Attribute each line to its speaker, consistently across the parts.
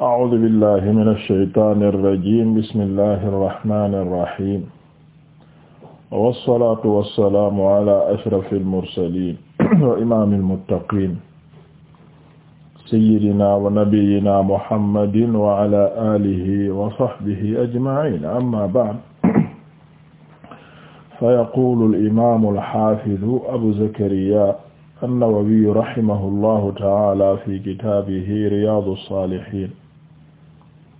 Speaker 1: أعوذ بالله من الشيطان الرجيم بسم الله الرحمن الرحيم والصلاة والسلام على أشرف المرسلين وإمام المتقين سيدنا ونبينا محمد وعلى آله وصحبه أجمعين أما بعد فيقول الإمام الحافظ أبو زكريا النووي رحمه الله تعالى في كتابه رياض الصالحين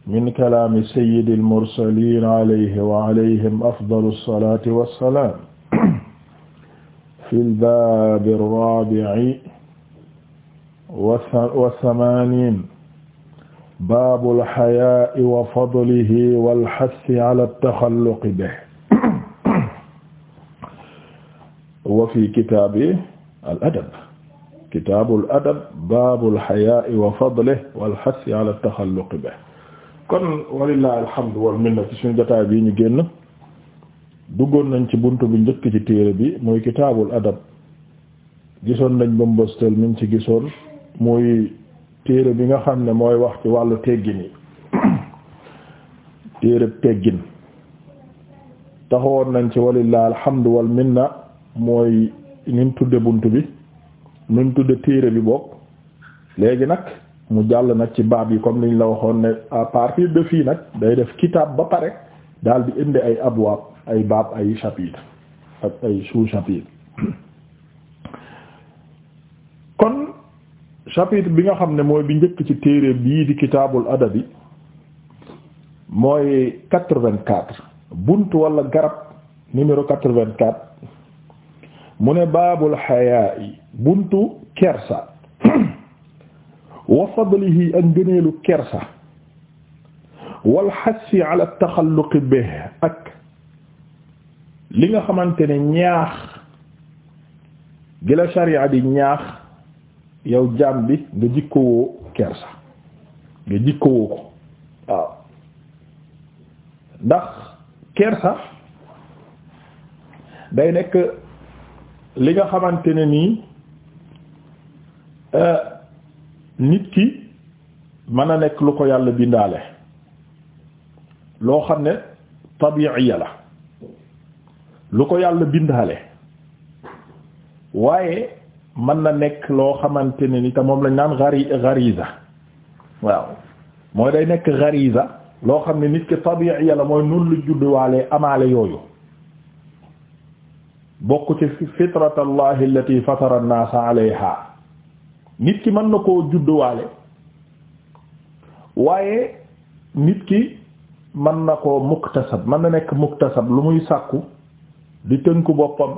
Speaker 1: min kalaami sayyidil mursaliin alayhi wa alayhim afdalu salaati wa salaam fil baabi raabi'i wa samaaniin baabul hayaa'i wa fadlihi wal hassi alaa taxalluqi bihi wa fi kitaabi al adab kitaabul adab baabul hayaa'i wa fadlihi wal hassi alaa taxalluqi bihi kon walillahi alhamdu wal minna ci suñu jotaay bii ñu génn duggoon nañ ci bunt bu njëkk ci téere bi muy kitaabul adab gisoon nañ ba mbëstal min ci gisoon muy téere bi nga xam ne mooy wax ci wàllu teggin yi téere teggin taxawoon nañ ci walillahi alhamdu wal minna mooy ni tudde bunt bi ni mu tudde téere bi bokk léegi nag mu jàll nag ci baab yi comme liñ la waxoon ne à partir de fii nag day def kitaab ba pare daal di indi ay abwaab ay baab ay chapitre ak ay sous-chapitre kon chapitre bi nga xam ne mooy bi njëkk ci téere bii di kitaabul adabi mooy quatre-vingt-quatre bunt wala garab numéro quatre-vingt-quatre mu ne baabul xayaa yi buntu kersa wa fadlihi ak ngëneelu kersa wal xassi ala taxalluqi bih ak li nga xamante ne ñaax gi la sharia di ñaax yow jaam bi nga jikkowoo kersa nga jikkowoo ko waaw ndax kersa day nekk li nga xamante ne nii euh, nit ki mën a nekk lu ko yàlla bindaale loo xam ne tabiiya la lu ko yàlla bindaale waaye man na nekk loo xamante ne ni te moom lañ naan gari gariza waaw mooy day nekk gariza loo xam ne nit ki tabiiya la mooy nun lu judduwaalee amaale yooyu bokk ci fitratallahi allati fatara an-naasa alayha nit ki mën na koo judduwaale waaye nit ki mën na koo muktasab man na nekk muktasab lu muy sàkku di tënku boppam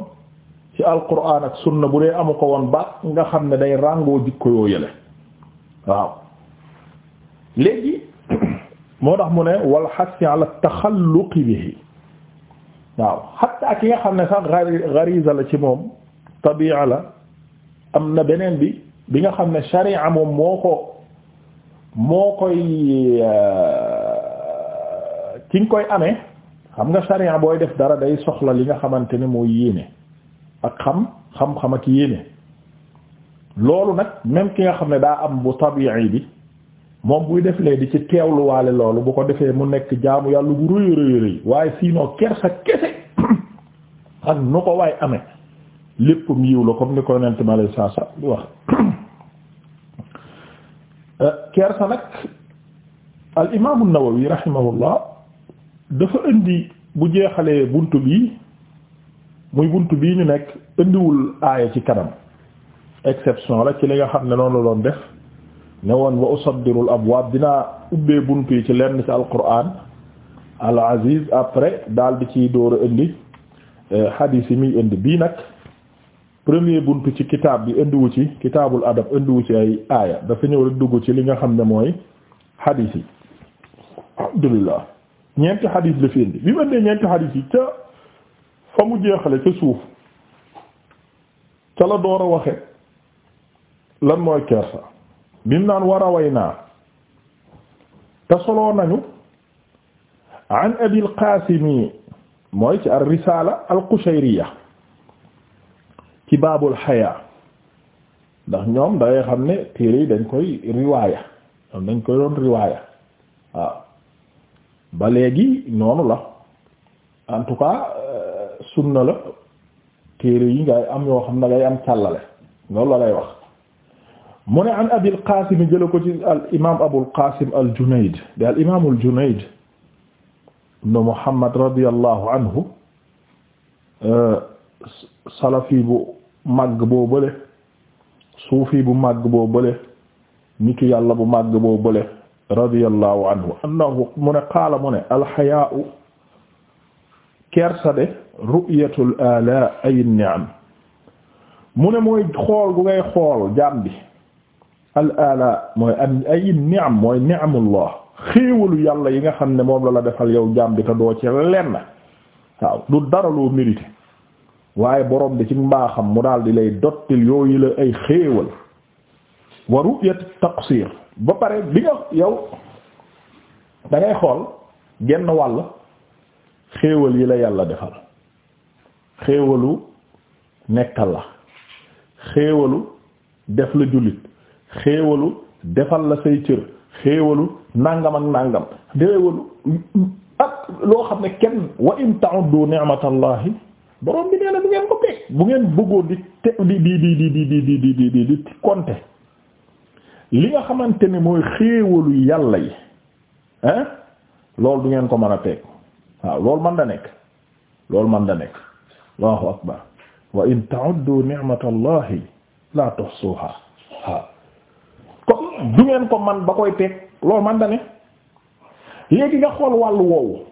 Speaker 1: ci alquran ak sunna bu dee amu ko woon baax nga xam ne day ràngoo jikko yoo yële waaw léegi moo tax mu ne wal xasi ala taxalluqi bihi waaw xatta ki nga xam ne sax gari gariza la ci moom tabi'a la am na beneen bi bi nga xam ne sharia moom moo ko moo koy euh, ki nga koy amee xam nga sharia booy def dara day soxla li nga xamante ne mooy yéene ak xam xam-xam ak yéene loolu nag même ki nga xam ne daa am bu tabi'i bi moom buy def leen di ci teewluwaale loolu bu ko defee mu nekk jaamu yàlla bu rëy rëy rëy waaye sinon kersa kese ak nu ko waay amee lépp yiw la comme ni ko yonent ma lay saa saa di wax kersa nag al imaamu Nawawi rahimahullah dafa indi bu jeexalee bunt bi muy bunt bii ñu nekk indiwul aaya ci kanam exception la ci li nga xam ne noonu la doon def ne woon wa usaddirul abwaab dinaa ubbee bunt yi ci lenn ci alquran al aziz après daal di ciy dóor a indi eh, xadiis yi muy indi bii nag premier buntu ci kitaab bi indiwu ci kitaabul adab indiwu ci ay aaya dafa ñëw rek dugg ci li nga xam ne mooy xadiis yi alhamdulillah ñeenti xadiis la fi indi bi ma dee ñeenti xadiis yi ca fa mu jeexale ca suuf ca la door a waxe lan mooy kersa bi mu naan war a way naa te soloo nañu an abil qaasimi mooy ci ar risaala al baabul xayaa ndax ñoom dangay xam ne téere yi dañ koy riwaaya ñoom dañ koy doon riwaaya waaw ba léegi noonu la en tout cas euh, sunna la téere yi ngay am yoo xam ne ngay am càllale loolu la lay wax mu ne an abil qasim jëla ko ci al imam abul qasim al junayd di al imam al junayd ibn muhammad radiyallahu anhu euh, salafi bu màgg boo bële suufi bu màgg boo bële nitu yàlla bu màgg boo bële radiyallahu anhu annahu mu ne qaala mu ne alxayaau kersa de ru'yatul ay ni'am mu ne mooy xool gu ngay xool jaam bi al ala mooy am ay ni'am mooy ni'amullah xéewalu yàlla yi nga xam ne moom la la defal yow jaam bi te doo ci lenn waaw du dara loo mérité waaye borom bi ci mbaaxam mu daal di lay dottil yooyu la ay xéewal wa ru'yat taqsir ba pare bi nga yow da xool genn wàll xéewal yi la yàlla defal xéewalu nekkal la xéewalu def la jullit xéewalu defal la say cër xéewalu nàngam ak nàngam xéewalu ak loo xam ne kenn wa in ta'uddu ni'matallahi borom bi nee na bu ngeen ko teg bu ngeen bëggoon di te di di di di di di di di di di li nga xamante ne mooy xéewalu yàlla yi hein loolu du ngeen ko mën a teg waaw loolu man da nekk loolu man da nekk allahu akbar wa in ta'uddu ngeen ko man ba koy teg loolu man da ne léegi nga xool wàll woowu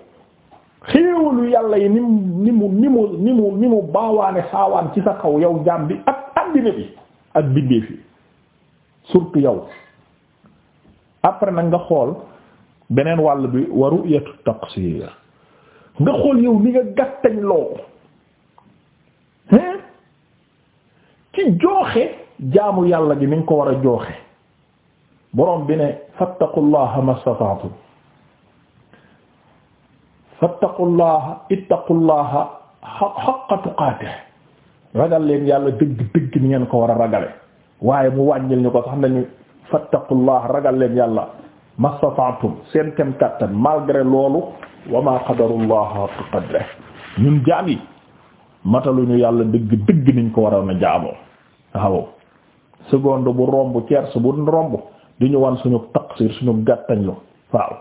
Speaker 1: xéewalu yàlla yi ni mu ni mu ni mu ni mu baawaane saawaan ci sa xaw yow jaam bi ak àddina bi ak bindéef yi surtout yow après nag nga xool beneen wàll bi wa ru'yatu taqsir nga xool yow ni nga gàttañ loo hein ci jooxe jaamu yàlla gi ni nga ko war a jooxe borom bi ne fattaqullaha mastata'tum fattaqullaha ittaqullaha haqqa tuqaatih ragal leen yàlla dëgg dëgg ni ngeen ko war a ragale waaye mu wàññil ñu ko sax nañu fattaqullaha ragal leen yàlla mastata'tum seen kem kàttan malgré loolu wa ma qadarullaha haqqa qadrih ñun jaam yi mataluñu yàlla digg dëgg niñ ko waroon a jaamoo waaw seconde bu romb tierce bu romb di ñu wan suñu taqsir suñu gàttañ lu waaw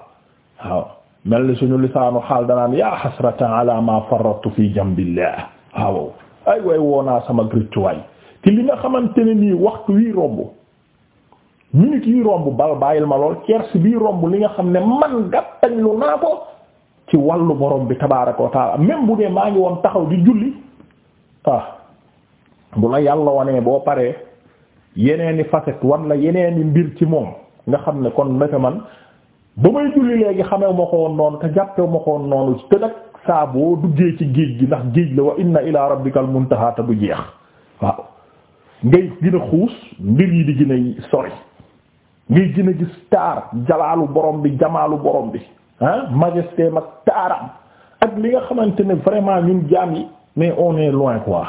Speaker 1: waaw mel ni suñu lisaanu xaal danaan yaa xasratan ala ma farrattu fi jambillah waaw ay way woonaa sama rëccuwaay ci li nga xamante ne nii waxtu wii romb minute yi romb bal bàyyil ma lool cerce bii romb li nga xam ne man gàttañ lu naa ko ci wàllu borom bi tabaaraka wa taala bu dee maa ngi woon taxaw di julli ah bu la yàlla wanee boo paree yeneeni facette wan yeneeni mbir ci moom nga xam ne kon naka ba may julli léegi xamee ma ko woon noonu te jàppee ma ko woon noonu te nag saa duggee ci géej gi ndax géej la wa inna ila rabbikal muntaha te du jeex waaw ngay gën xuus mbir yi di gën a sori ngay gën a gis taar jalaalu borom bi jamaalu borom bi ah majesté mag taaram ak li nga xamante ne vraiment ñun jaam yi mais on est loin quoi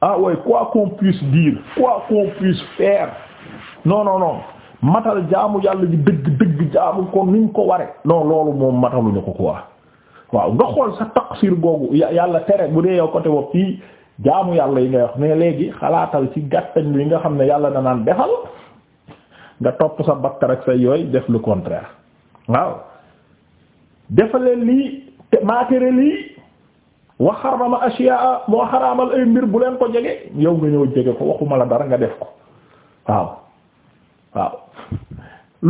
Speaker 1: ah ouais quoi qu'on puisse dire quoi qu'on puisse faire non non non matal jaamu yàlla di dëgg dëgg jaamu ko niñ ko ware non loolu moom mataluñu ko quoi waaw nga xool sa taqsir googu yàlla tere bu dee yow côté bopp fii jaamu yàlla yi ngay wax ne léegi xalaatal ci gàttañ lu yi nga xam ne yàlla na naan defal nga topp sa bakkar ak sa yooy def lu contraire waaw defaleen lii te maa tere lii wa xarama ashiyaa moo xaraamal ay mbir bu leen ko jege yow nga ñëw jege ko waxuma la dara nga def ko waaw waaw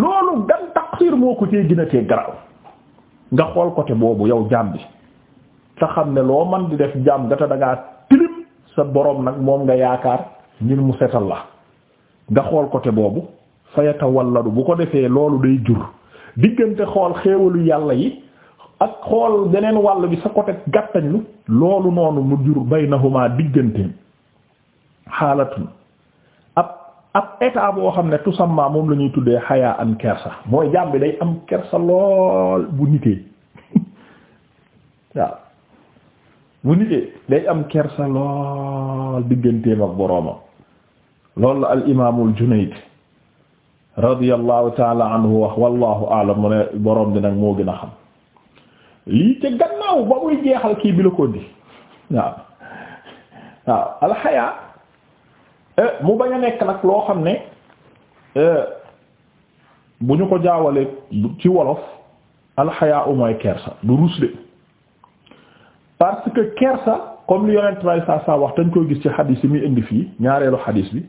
Speaker 1: loolu gan taqsir moo ko cee gën a tee garaw nga xool côté boobu yow jaam bi te xam ne loo man di def jaam gata da tilim sa boroom nag moom nga yaakaar ngir mu setal la nga xool côté boobu fayata walladu bu ko defee loolu day jur diggante xool xéewalu yàlla yi ak xool beneen wàll bi sa côté gàttañlu loolu noonu mu jur baynahuma diggante xaalatun ab état boo xam ne tusamma moom la ñuy tuddee xayaa am kersa mooy jaam bi day am kersa lool bu nitee waaw bu nitee day am kersa lool digganteem ak boroomam loolu la al imaamul Junayd radiyallahu taala anhu wax wallahu aalam mu ne moo gën a xam lii Eh, mu bañ a nekk nag loo xam ne eh, bu ñu ko jaawalee ci wolof alxayaa mooy kersa du rus de parce que kersa comme li yonent bay saa saa wax dañ koy gis ci xadiis yi muy indi fii ñaareelu xadiis bi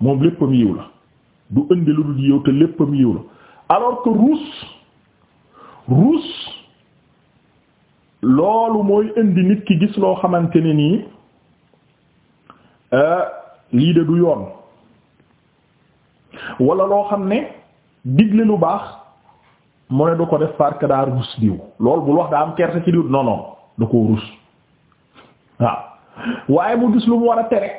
Speaker 1: moom léppam yiw la du indi lu dul yiw te léppam yiw la alors que rus rus loolu mooy indi nit ki gis loo xamante ne nii eh, lii de du yoon walla loo xam ne digle lu baax mu ne du ko def parce que daa rus diw loolu bul wax daa am kersa ci diw non da koo rus waaw waaye mu gis lu mu war a tere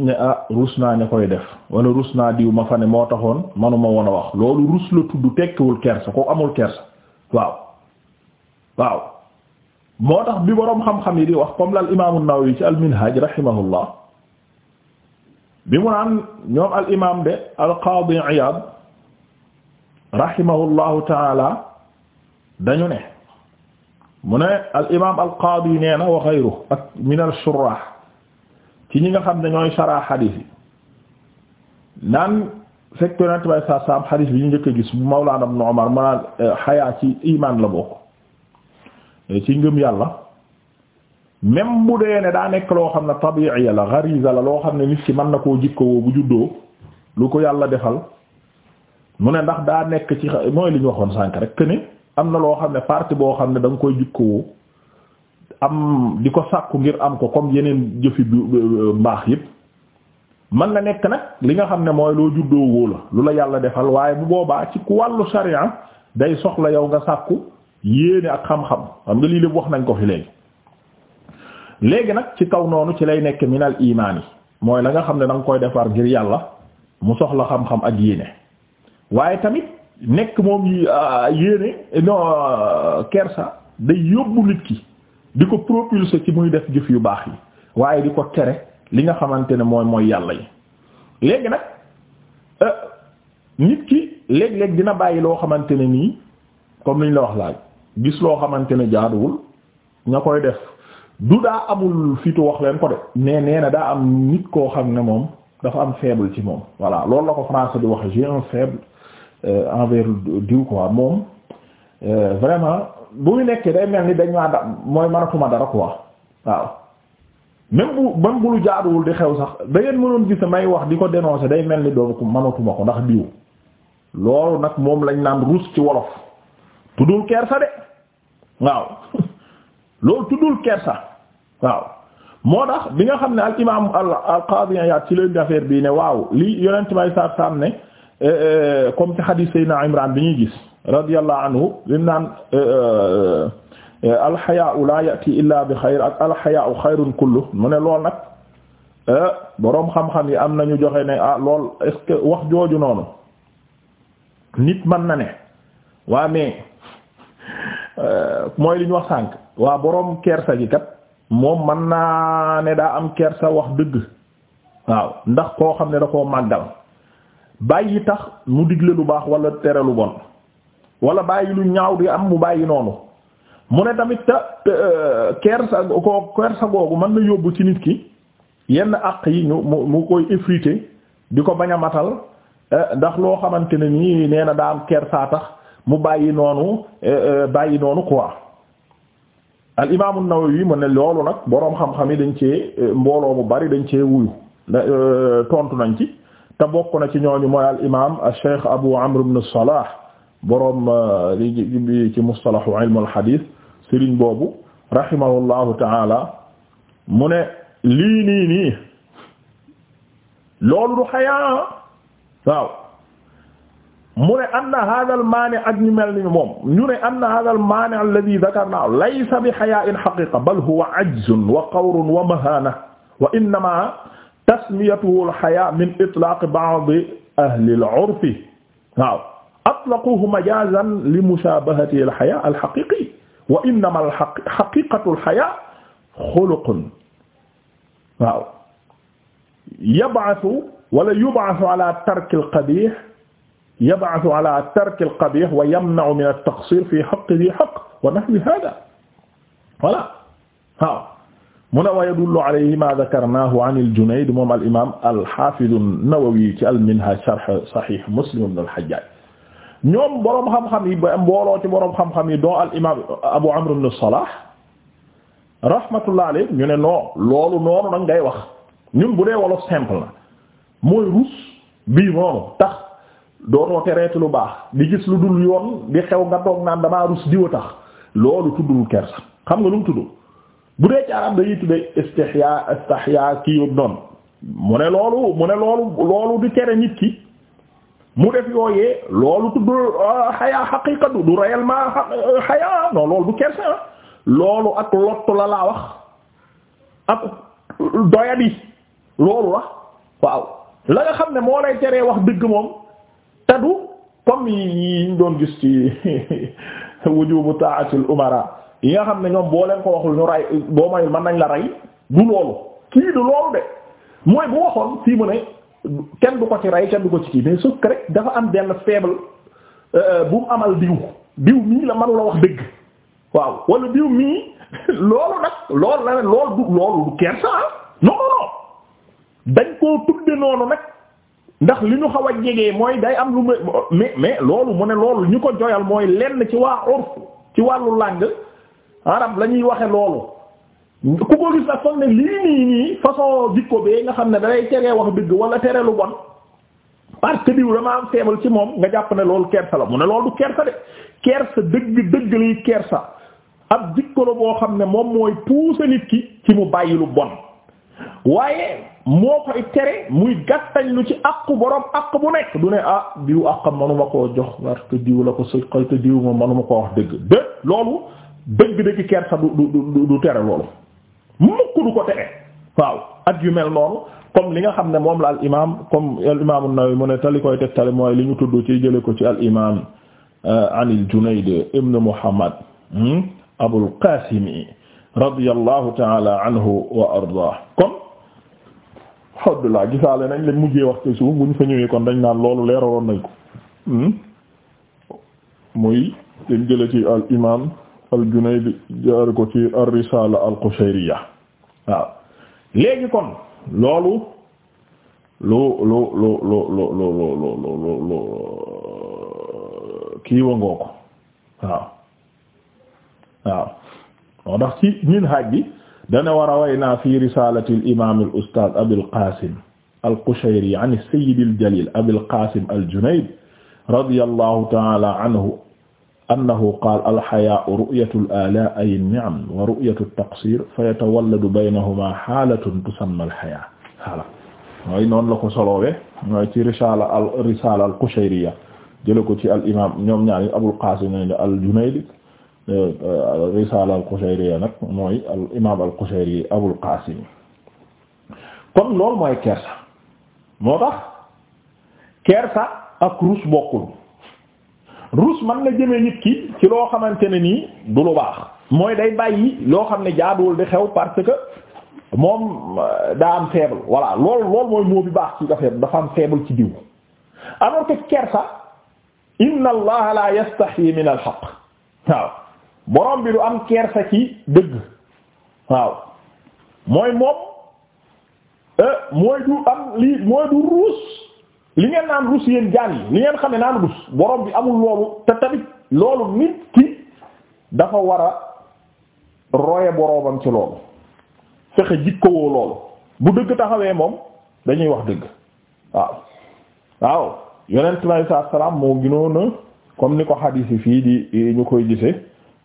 Speaker 1: ne ah rus naa ña koy def wala ruus naa diw ma fa ne moo taxoon manuma woon a wax loolu rus la tudd tekkiwul kersa ko amul kersa waaw waaw moo tax bi boroom xam-xam yi di wax comme la al imaamu Nawawi ci al minhaj bi mu naan ñoom al imaam de al qaadi Iyaad rahimahullahu taala dañu ne mu ne al imaam al nee na wa xayru ak min al shurraah ci ñi nga xam ne ñooy sarah xadiis yi naan fekk yonent bay saa saam xadiis bi ñu njëkk a gis bu Mawlaana Ibn Umar maanaam eh, xayaa ci imaan la bokk eh, ci ngëm yàlla même bu dee ne daa nekk loo xam ne tabiiya la ghariza la loo xam ne nit ci mën na koo jikkoo bu juddoo lu ko yàlla defal mu ne ndax daa nekk ci mooy li ñu waxoon sànk rek que am na loo xam ne partie boo xam ne da nga koy jikkoo am di ko sàkku ngir am ko comme yeneen jëfi baax yëpp mën na nekk nag li nga xam ne mooy loo juddoo woo la lu la yàlla defal waaye bu boobaa ci wàllu sharia day soxla yow nga sàkku yéene ak xam-xam xam nga lii lépp wax nañ ko fi léegi léegi nag ci kaw noonu ci lay nekk minal imaan yi mooy la nga xam ne danga koy defar ngir yàlla mu soxla xam-xam ak yéene waaye tamit nekk moom euh, yéene non euh, kersa day yóbbu nit ki di ko propulser ci muy def jëf yu baax yi waaye di ko tere li nga xamante ne mooy mooy yàlla yi léegi nag euh, nit ki léeg-léeg dina bàyyi loo xamante ne nii comme liñ la wax laaj gis loo xamante ne jaaduwul nga koy def du daa amul fitu wax leen ko de mais nee na daa am nit koo xam ne moom dafa am faible ci moom voilà loolu la ko français di wax j'ai un faible euh, envers diw quoi moom euh, vraiment bu ñu nekkee day mel ni dañ maa da mooy mënatuma dara quoi waaw même bu même bu lu jaaduwul di xew sax da ngeen mënoon gis may wax di ko dénoncer day mel ni doon ko mënatuma ko ndax diw loolu nag moom lañ naan ruus ci wolof tuddul kersa de waaw loolu tuddul kersa. waaw moo tax bi nga xam ne al imaam al qaadi Iyaad ci leen affaire bi ne waaw li yonent may saar saam ne eh, eh, comme ci xadiis Seydina Imraan bi ñuy gis radiyallahu anhu li mu naan eh, alxayaau laa yati illa bi xayr ak alxayaau xayrun kullu mu ne lool nag boroom xam-xam yi am nañu joxe ne ah lool wax jooju noonu nit mën na ne waa mais mooy li ñu wax sànk waa boroom kersa gi kat moom mën naa ne daa am kersa wax dëgg waaw ndax koo xam ne da koo màggal bàyyi tax mu digle lu baax wala tere lu bon wala bàyyi lu ñaaw di am mu bàyyi noonu mu ne tamit ta euh, kersa googu mën na yóbbu ci nit ki yenn àq yi mu mu koy effrité di ko bañ a matal euh, ndax loo xamante ne nii nee daa am kersaa tax mu bàyyi noonu euh, bàyyi noonu quoi. al imaamu Nawawi mu ne loolu nag boroom xam-xam yi dañ cee eh, mbooloo mu bari dañ cee wuyu eh, tontu nañ ci te bokk na ci ñooñu mooy al imaam al Cheikh Abu Amr ibn Salah boroom eh, ci mustalahu ilm al boobu rahimahullahu taala mu ne lii nii nii loolu du xayaa waaw. mu ne anna hadha al maani ak ñu mel ni moom ñu ne anna hadha al maani alladhi dhakarna laysa bi hayaa'in haqiqa bal huwa ajzun wa qawrun wa mahana wa innama tasmiyatuhu al hayaa' min itlaq ba'd ahli al 'urfi waaw atlaquhu majazan li mushabahati al hayaa' al haqiqi wa innama al haqiqatu al hayaa' xuluqun waaw yab'athu wala yub'athu ala tarki al qabih yab'athu ala tarki al-qabih wa yamna'u min at-taqsir fi haqqihi haqq wa nahwi hada voilà waaw mu ne wa yadullu alayhi ma dhakarnahu an al-Junayd moom al-imam al-hafiz an-Nawawi ci al-Minhaj sharh sahih Muslim ibn al-Hajjaj ñoom boroom xam-xam yi mbooloo ci boroom xam-xam yi doo al-imam Abu Amr ibn Salah rahmatullah alayh ñu ne non loolu noonu nag ngay wax ñun bu dee wolof simple na mooy rus bii noonu tax dootoo tereeti lu baax di gis lu dul yoon di xew nga toog naan damaa rus diwa tax loolu tuddul kersa xam nga lu mu tuddul bu dee ci arab dañuy tudde istihya kii yób noonu mu ne loolu mu ne loolu loolu di tere nit ki mu def yooyee loolu tuddul xayaa ah, xaqiqa du du réellement xayaa non loolu du kersa ah. loolu ak lottu la laa wax ak doyadi loolu la waaw la nga xam ne moo lay teree wax dëgg moom tadu comme yi ñu doon gis ci bu ta'atul umara yi nga xam ne ñoom boo leen ko waxul ñu ray boo mayul mën nañ la rey du loolu kii du loolu de mooy bu waxoon fii mu ne kenn du ko ci rey kenn du ko ci kii mais sauf que dafa am benn faible euh, bu mu amal diw diw mii la manu la wax dëgg waaw wala diw mii loolu nag loolu la ne loolu du loolu du kersa ah non non dañ koo tudde noonu nag ndax li ñu xaw a jege mooy day am lu mais mais loolu mu ne loolu ñu ko joyal mooy lenn ci waa urf ci wàllu làng arab lañuy waxe loolu ku ko gis nag foog ne lii nii nii façon jikko bee nga xam ne dalay teree wax dëgg wala tere lu bon parce que diw dama am feebal ci moom nga jàpp ne loolu kersa la mu ne loolu du kersa de kersa dëgg dëgg liy kersa ab jikko la boo xam ne moom mooy pousser nit ki ci mu bàyyi lu bon waaye moo koy tere muy gàttañ lu ci àqu borom àq bu nekk du ne ah diw àqam manuma koo jox war te diw la ko sëñ xëy te diw moom manuma koo wax dëgg dë loolu dëgg-dëgg kersa du du du tere loolu mukk du ko tere waaw ak yu mel noonu comme li nga xam ne moom la al imaam comme al imaam an-Nawawi mu ne tali koy tegtale mooy li ñu tudd ci jële ko ci al imaam euh, anil Junayd ibn Muhammad hmm, Abul Qasim radiyallahu taala anhu wa ardaah kon alhamdulillah gisaale nañ leen mujjee wax ci suuf bu ñu fa ñëwee kon dañ naan loolu leeraloon nañ ko muy dañ jële ci al imaam al Junayd jaar ko ci ar risaala al Qushayriya waaw léegi kon loolu lu lu lu lu lu lu lu lu lu kii wangoo ko waaw waaw moo tax ci minhaj bi dana war a waynaa fi risalati al imam al ustad abul qasim al qushayri an as-sayyid al jalil abul qasim al junayd radiyallahu ta'ala anhu annahu qaala alxayaau ru'yatu alaalaa ay ni'am wa ru'yatu taqsir fa yatawalladu baynahumaa xaalatun tusamma alxayaa xaala mooy noonu la ko soloowe mooy ci risaala al risaala al qushayriya jële ko ci al imaam ñoom ñaari abul qaasim al junayd risala al-Qushayriya nag mooy al imaam al-Qushayri Abul Qaasim kon loolu mooy kersa moo tax kersa ak rus bokkul rus man na jëme nit ki ci loo xamante ne nii du lu baax mooy day bàyyi loo xam ne jaaduwul di xew parce que moom euh, daa am faible voilà lool lool mooy moo bi baax ci nga faible dafa am faible ci diw alors que kersa inna allaha la yastahi min al haqq waaw borom bi du am kersa ci dëgg waaw mooy moom euh, mooy du am lii mooy du ruus li ngeen naan ruus yéen jaan yi li ngeen xam ne naan ruus borom bi amul loolu te tamit loolu nit ki dafa war a roye boromam ci loolu fexe jikkowoo loolu bu dëgg taxawee moom dañuy wax dëgg waaw waaw yonent bi sallallahu alayhi moo ginoona comme ni ko xadiis yi fii di ñu koy gisee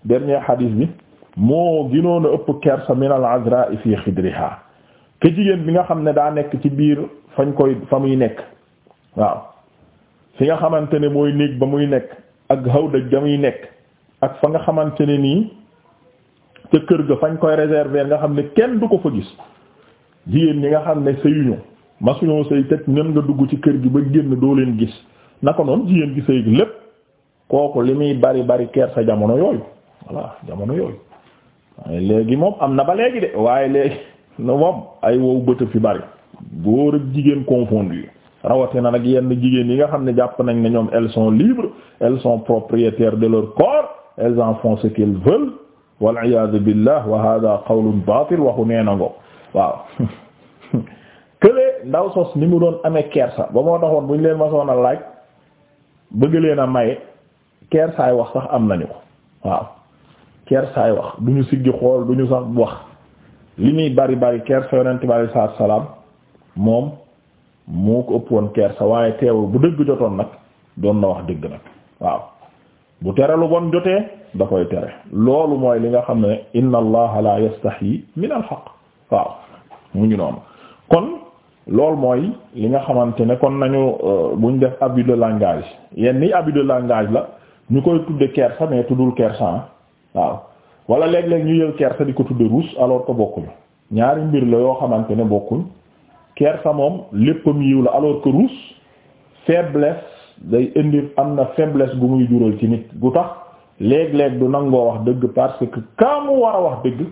Speaker 1: dernier hadith bi moo gënoon a ëpp kersa min al azra fi xidriha ke jigéen bi nga xam ne daa nekk ci biir fañ koy fa muy nekk waaw fi nga xamante ne mooy néeg ba muy nekk ak hawdaj ga muy nekk ak fa nga xamante ne nii ca kër ga fañ koy réserver nga xam ne kenn du ko fa gis jigéen ñi nga xam ne sëyuñu masuñoo sëy te ñen nga dugg ci kër gi ba génn doo leen gis naka noonu jigéen gi sëy lépp kooku li muy bari bari kersa jamono yooyu waa jamono yooyu léegi moom am na ba léegi de waaye léegi moom ay wow bëtë fi bari góor ak jigéen confondu rawatina nag yenn jigéen yi nga xam ne jàpp nañ ne ñoom elles sont libres elles sont propriétaires de leur corps elles en font ce qu'elles veulent wal iyaadu billah wa hada qawlun waxu nee na ngo waaw kële ndaw sos ni mu doon amee kersa ba moo taxoon bu ñu leen masoon a laaj bëgg leen a maye kersaay wax sax am nañu ko waaw kersaay wax du ñu siggi xool du ñu sax wax li muy bari bari kersa yonent bi alei salaam moom moo ko ëpp woon kersa waaye teewul bu dëgg jotoon nag doon na wax dëgg nag waaw bu tere lu bon jotee da koy tere loolu mooy li nga xam ne inna allaha la yastahi min al haqq waaw mu ngi noonu kon loolu mooy li nga xamante ne kon nañu euh, buñ def abus de langage yenn ni abus de langage la ñu koy tudde kersa mais tuddul kersa waaw wala léeg-léeg ñu yël kersa di ko tudde ruus alors que bokkuñu ñaari mbir la yoo xamante ne bokkuñ kersa moom léppam yiw la alors que ruus faiblesse day indi am na faiblesse gu muy jural ci nit gu tax léeg-léeg du nangoo wax dëgg parce que ka mu war a wax dëgg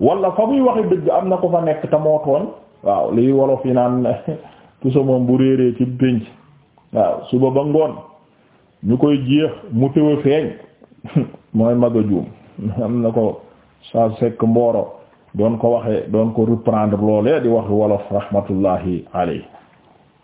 Speaker 1: wala fa muy waxi dëgg am na ko fa nekk te moo tooñ waaw liy wolof yi naan tusa moom bu réeree ci pénc waaw suba ba ngoon ñu koy jeex mu téw a feeñ mooy mag a juum am na ko sa sekk mboro doon ko waxe doon ko reprendre loolee di wax wolof rahmatullahi alayhi